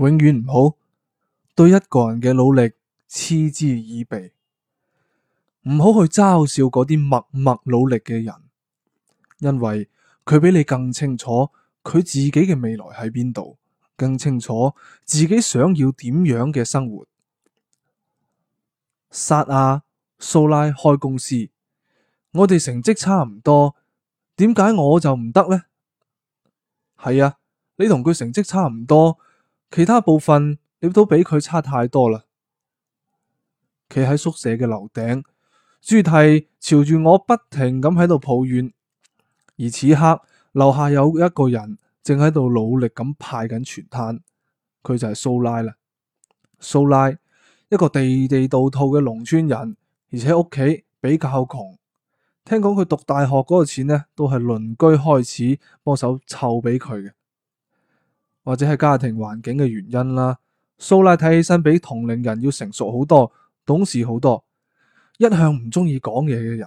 永遠唔好對一個人嘅努力嗤之以鼻，唔好去嘲笑嗰啲默默努力嘅人，因為佢比你更清楚佢自己嘅未來喺邊度，更清楚自己想要點樣嘅生活。薩亞，蘇拉開公司，我哋成績差唔多，點解我就唔得呢？係啊，你同佢成績差唔多。其他部分你都比佢差太多啦！企喺宿舍嘅樓頂，朱蒂朝住我不停咁喺度抱怨。而此刻樓下有一個人正喺度努力咁派緊傳單，佢就係蘇拉啦。蘇拉一個地地道道嘅農村人，而且屋企比較窮。聽講佢讀大學嗰個錢呢，都係鄰居開始幫手湊俾佢嘅。或者係家庭環境嘅原因啦。蘇拉睇起身比同齡人要成熟好多，懂事好多，一向唔中意講嘢嘅人，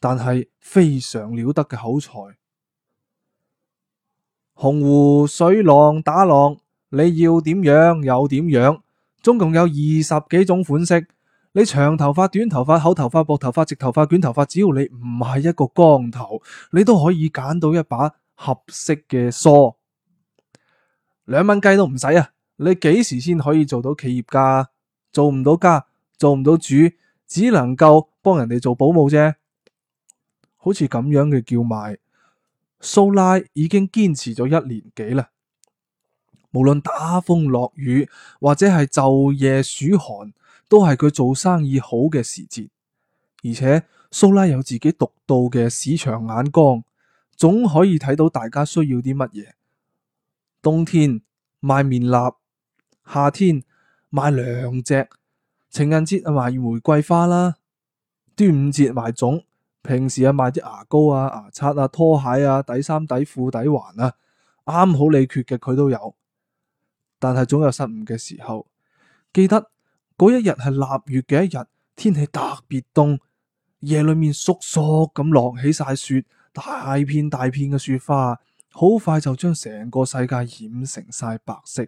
但係非常了得嘅口才。洪湖水浪打浪，你要點樣有點樣？總共有二十幾種款式。你長頭髮、短頭髮、厚頭髮、薄頭髮、直頭髮、捲頭髮，只要你唔係一個光頭，你都可以揀到一把合適嘅梳。兩蚊雞都唔使啊！你幾時先可以做到企業家？做唔到家，做唔到主，只能夠幫人哋做保姆啫。好似咁樣嘅叫賣，蘇拉已經堅持咗一年幾啦。無論打風落雨，或者係晝夜暑寒，都係佢做生意好嘅時節。而且蘇拉有自己獨到嘅市場眼光，總可以睇到大家需要啲乜嘢。冬天賣棉衲，夏天賣涼蓆，情人節啊賣玫瑰花啦，端午節賣粽，平時啊賣啲牙膏啊、牙刷啊、拖鞋啊、底衫、底褲、底環啊，啱好你缺嘅佢都有。但係總有失誤嘅時候，記得嗰一日係臘月嘅一日，天氣特別凍，夜裏面簌簌咁落起晒雪，大片大片嘅雪花。好快就將成個世界染成晒白色。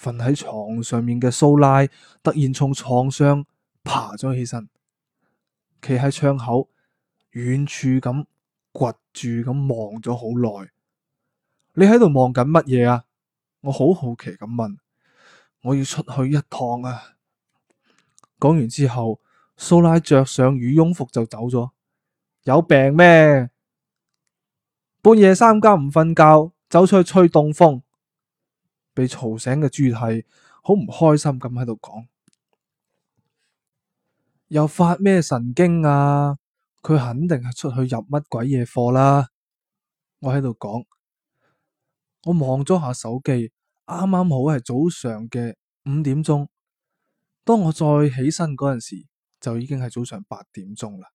瞓喺床上面嘅蘇拉突然從床上爬咗起身，企喺窗口，遠處咁掘住咁望咗好耐。你喺度望緊乜嘢啊？我好好奇咁問。我要出去一趟啊！講完之後，蘇拉着上羽絨服就走咗。有病咩？半夜三更唔瞓覺，走出去吹凍風。被吵醒嘅朱蒂好唔開心咁喺度講，又發咩神經啊！佢肯定係出去入乜鬼嘢貨啦！我喺度講，我望咗下手機，啱啱好係早上嘅五點鐘。當我再起身嗰陣時，就已經係早上八點鐘啦。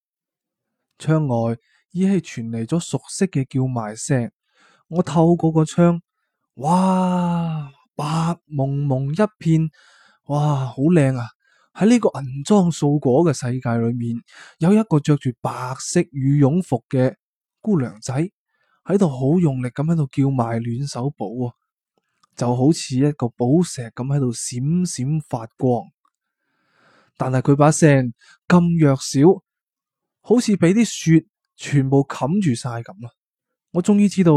窗外，依稀傳嚟咗熟悉嘅叫賣聲，我透過個窗，哇，白蒙蒙一片，哇，好靚啊！喺呢個銀裝素裹嘅世界裏面，有一個着住白色羽絨服嘅姑娘仔喺度，好用力咁喺度叫賣「暖手寶」啊，就好似一個寶石咁喺度閃閃發光，但係佢把聲咁弱小，好似俾啲雪。全部冚住晒咁啦。我終於知道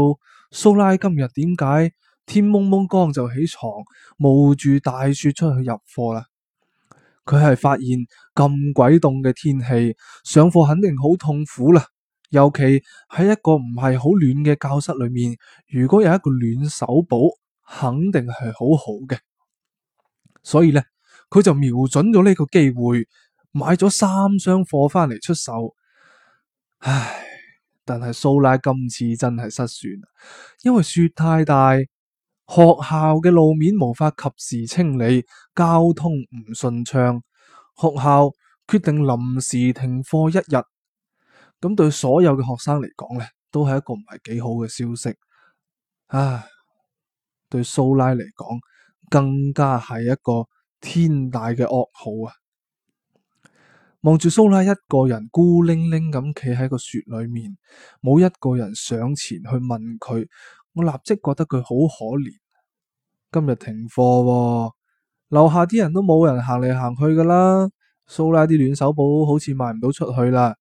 蘇拉今日點解天蒙蒙光就起床冒住大雪出去入貨啦。佢係發現咁鬼凍嘅天氣，上課肯定好痛苦啦。尤其喺一個唔係好暖嘅教室裏面，如果有一個暖手寶，肯定係好好嘅。所以呢，佢就瞄準咗呢個機會，買咗三箱貨翻嚟出售。唉，但係蘇拉今次真係失算，因為雪太大，學校嘅路面無法及時清理，交通唔順暢，學校決定臨時停課一日。咁對所有嘅學生嚟講呢，都係一個唔係幾好嘅消息。唉，對蘇拉嚟講，更加係一個天大嘅噩耗啊！望住蘇拉一個人孤零零咁企喺個雪裏面，冇一個人上前去問佢。我立即覺得佢好可憐。今日停課，哦，樓下啲人都冇人行嚟，行去噶啦。蘇拉啲暖手寶好似賣唔到出去啦。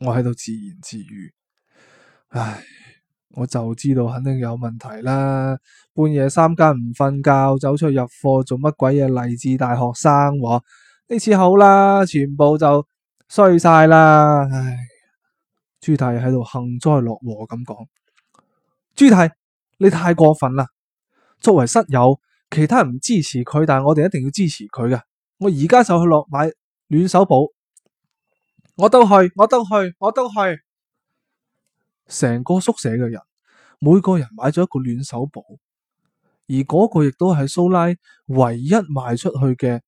我喺度自言自語，唉，我就知道肯定有問題啦。半夜三更唔瞓覺，走出去入貨，做乜鬼嘢勵志大學生？呢次好啦，全部就衰晒啦！唉，朱蒂喺度幸災樂禍咁講。朱蒂，你太過分啦！作為室友，其他人唔支持佢，但係我哋一定要支持佢嘅。我而家就去落買暖手寶，我都去，我都去，我都去。成個宿舍嘅人，每個人買咗一個暖手寶，而嗰個亦都係蘇拉唯一賣出去嘅。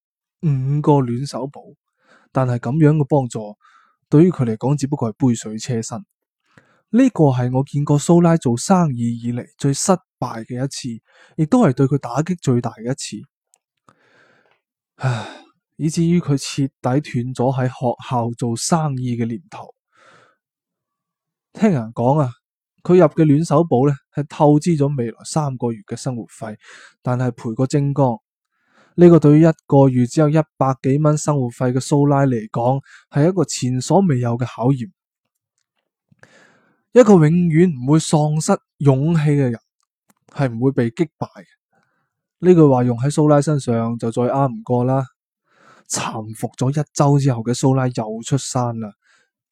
五個暖手寶，但係咁樣嘅幫助對於佢嚟講，只不過係杯水車薪。呢個係我見過蘇拉做生意以嚟最失敗嘅一次，亦都係對佢打擊最大嘅一次。唉，以至於佢徹底斷咗喺學校做生意嘅念頭。聽人講啊，佢入嘅暖手寶呢，係透支咗未來三個月嘅生活費，但係賠個精光。呢個對於一個月只有一百幾蚊生活費嘅蘇拉嚟講，係一個前所未有嘅考驗。一個永遠唔會喪失勇氣嘅人，係唔會被擊敗嘅。呢句話用喺蘇拉身上就再啱唔過啦。潛伏咗一周之後嘅蘇拉又出山啦。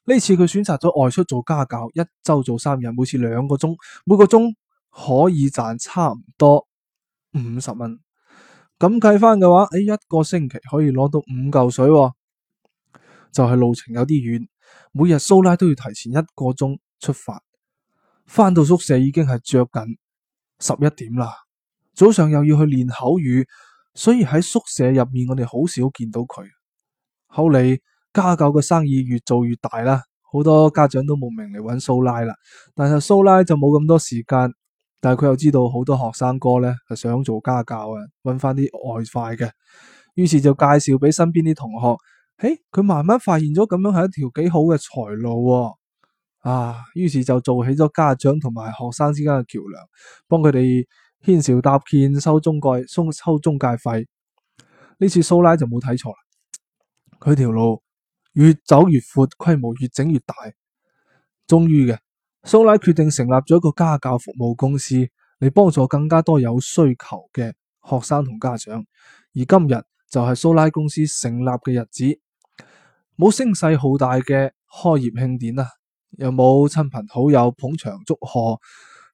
呢次佢選擇咗外出做家教，一周做三日，每次兩個鐘，每個鐘可以賺差唔多五十蚊。咁計翻嘅話，誒，一個星期可以攞到五嚿水，哦，就係路程有啲遠，每日蘇拉都要提前一個鐘出發，翻到宿舍已經係着緊十一點啦。早上又要去練口語，所以喺宿舍入面我哋好少見到佢。後嚟家教嘅生意越做越大啦，好多家長都慕名嚟搵蘇拉啦，但係蘇拉就冇咁多時間。但係佢又知道好多學生哥呢係想做家教呀，揾翻啲外快嘅，於是就介紹俾身邊啲同學。誒，佢慢慢發現咗咁樣係一條幾好嘅財路，哦，啊，於是就做起咗家長同埋學生之間嘅橋樑，幫佢哋牽橋搭建，收中介，收中介費。呢次蘇拉就冇睇錯啦，佢條路越走越闊，規模越整越大，終於嘅。蘇拉決定成立咗一個家教服務公司，嚟幫助更加多有需求嘅學生同家長。而今日就係蘇拉公司成立嘅日子，冇聲勢浩大嘅開業慶典啊，又冇親朋好友捧場祝賀，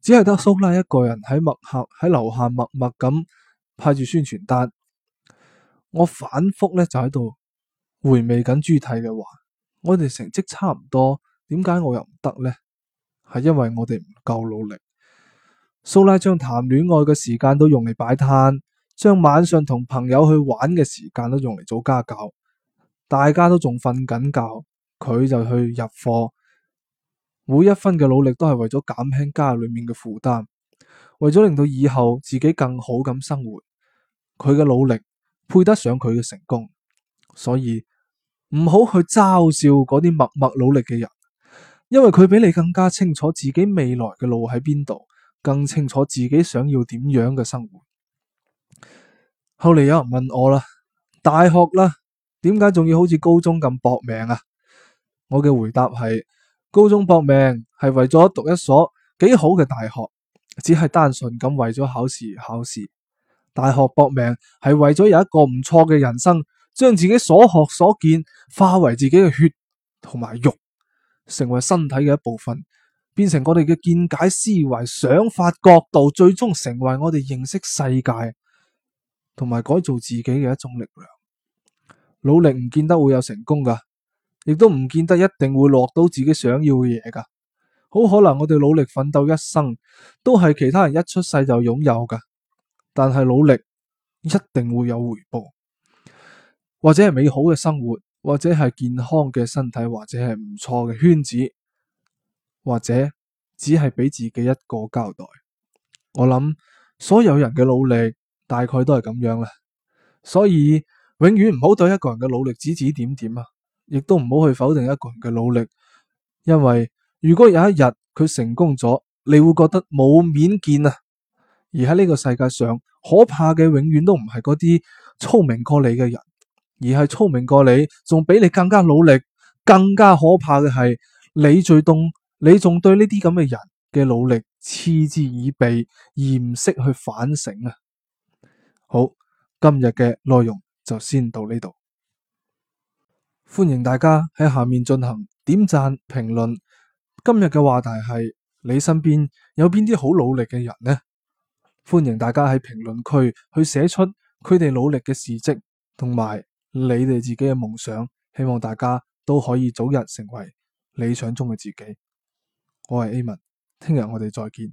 只係得蘇拉一個人喺默客喺樓下默默咁派住宣傳單。我反覆咧就喺度回味緊朱蒂嘅話，我哋成績差唔多，點解我又唔得呢？係因為我哋唔夠努力，蘇拉將談戀愛嘅時間都用嚟擺攤，將晚上同朋友去玩嘅時間都用嚟做家教，大家都仲瞓緊覺，佢就去入貨。每一分嘅努力都係為咗減輕家裏面嘅負擔，為咗令到以後自己更好咁生活。佢嘅努力配得上佢嘅成功，所以唔好去嘲笑嗰啲默默努力嘅人。因為佢比你更加清楚自己未來嘅路喺邊度，更清楚自己想要點樣嘅生活。後嚟有人問我啦，大學啦，點解仲要好似高中咁搏命啊？我嘅回答係：高中搏命係為咗讀一所幾好嘅大學，只係單純咁為咗考試考試。大學搏命係為咗有一個唔錯嘅人生，將自己所學所見化為自己嘅血同埋肉。成為身體嘅一部分，變成我哋嘅見解、思維、想法、角度，最終成為我哋認識世界同埋改造自己嘅一種力量。努力唔見得會有成功㗎，亦都唔見得一定會落到自己想要嘅嘢㗎。好可能我哋努力奮鬥一生，都係其他人一出世就擁有㗎。但係努力一定會有回報，或者係美好嘅生活。或者係健康嘅身體，或者係唔錯嘅圈子，或者只係俾自己一個交代。我諗所有人嘅努力大概都係咁樣啦，所以永遠唔好對一個人嘅努力指指點點啊，亦都唔好去否定一個人嘅努力，因為如果有一日佢成功咗，你會覺得冇面見啊。而喺呢個世界上，可怕嘅永遠都唔係嗰啲聰明過你嘅人。而係聰明過你，仲比你更加努力。更加可怕嘅係，你最凍，你仲對呢啲咁嘅人嘅努力嗤之以鼻，而唔識去反省啊！好，今日嘅內容就先到呢度。歡迎大家喺下面進行點讚、評論。今日嘅話題係你身邊有邊啲好努力嘅人呢？歡迎大家喺評論區去寫出佢哋努力嘅事跡，同埋。你哋自己嘅夢想，希望大家都可以早日成為理想中嘅自己。我係阿文，聽日我哋再見。